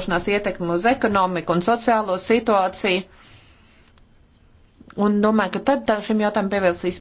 likumdošanās ietekmi uz ekonomiku un sociālo situāciju. Un domāju, ka tad šim jautājumam pievērsīs